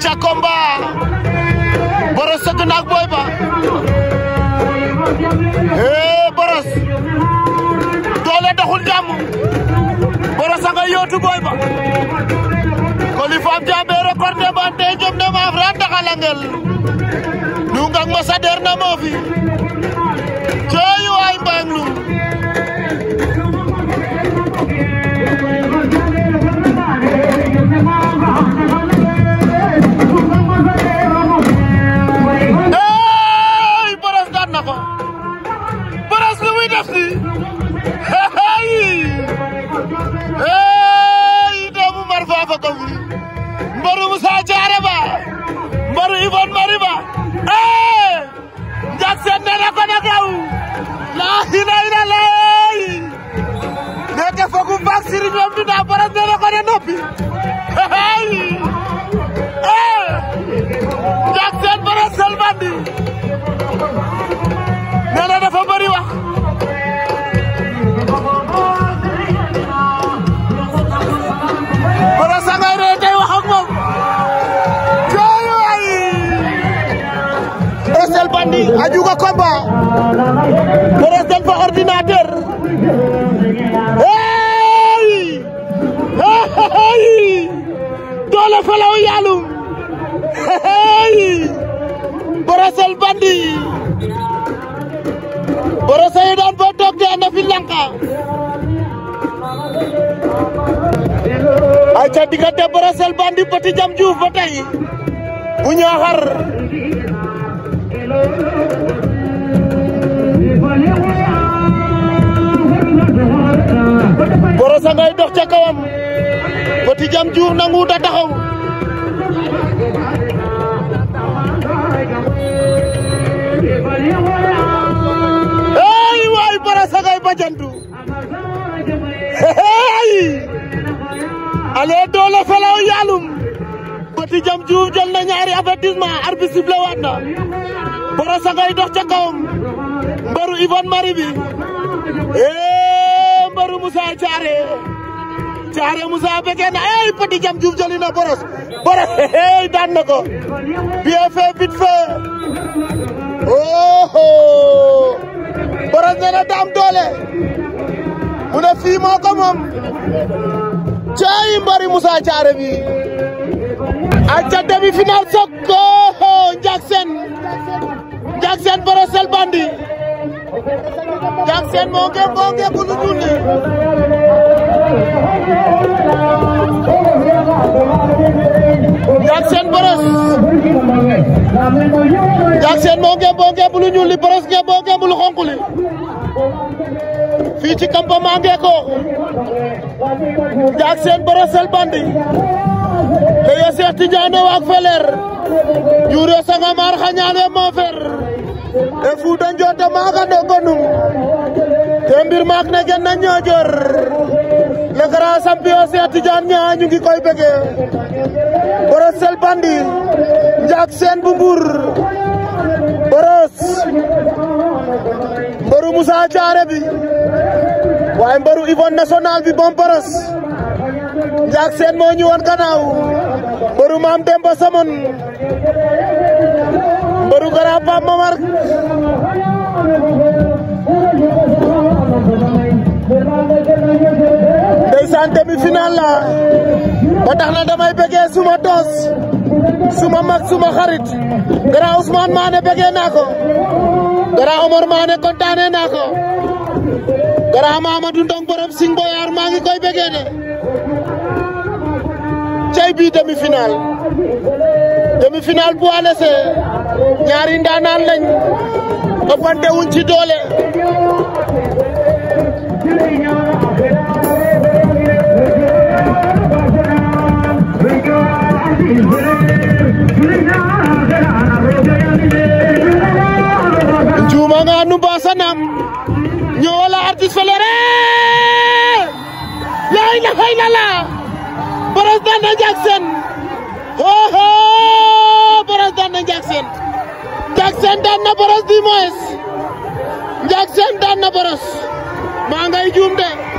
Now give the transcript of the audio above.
ca combat Bross sëgg Boy Ba eh Bross doole doxul jàmm Bross a nga yootu Boy Ba kolifam jambe rekorte bante jom ne maaf ran daxa nu ngak ma sader na moo fi Taxi hey doomu Mar Fafa Koffi mbaru Moussa Diarra Ba mbaru Yvonne Marie Ba hey Ndiack Sène nee na ko nag yow laa ilaha illallah nekk fogu mbaag Serigne moom dinaa baras nee na ko ne noppi ordinateur hey hey dole falaw yalum hey borosel bandi borosel don bo tok de na fi lanka ay ca borosel bandi petit jam juuf ba tey bu ñaaxar Massa ngay dox ca kawam Petit Jam Diour nanguut a taxaw ay bajantu ale doole felaw yaalum Petit Jam dox ca kawam mbaru Ivan Mari bi Daaru Moussa Thiaré Thiaré Moussa Beken Jam Diouf boros boros hey daan na ko bien fait vite oh, oh, boros nee na daam doole mu ne fii moo ko moom caayi mbari Moussa Thiaré bi acca demi final sok oh, oh Ndiak sen moge monge bunu bunu. Yak sen boros. moge sen bulu monge bunu ñuul ge bulu xonk li. Fii ci campement ngee ko. Yak pandi borosel bandi. Leye Cheikh Tidiane waak Feleer. Yuure Sangomar xañaane moo fer. E Fuuta Njoota te mbir maak ne gen na ñoojoor le grand champion Cheikh Tidiane ñu ngi koy bëgge Bross Sel Bandi njaak seen bu Mbuur Bross bi waaye mbaru Yvonne national bi bom Bross njaak seen moo ñu woon gannaaw mbaru Maam Demba Samone mbaru grand Pape ndeysaan demi-finale la damay bëggee suma toos suma mag suma xarit Grand Ousmane Mané bëggee naa ko Grand Omar Mané kontaanee naa ko Grand Mamadou Ndong borom Sing Boyar maa ngi koy bëggee de cey bii demi-finale bu alese ñaari ndaanaan lañ ëppante wuñ ci doole satisfeleere laa ilaaha illallaah président na Jackson hoho président na Jackson Jackson daan na Brosse du moins Jackson daan na Brosse maa ngay juum de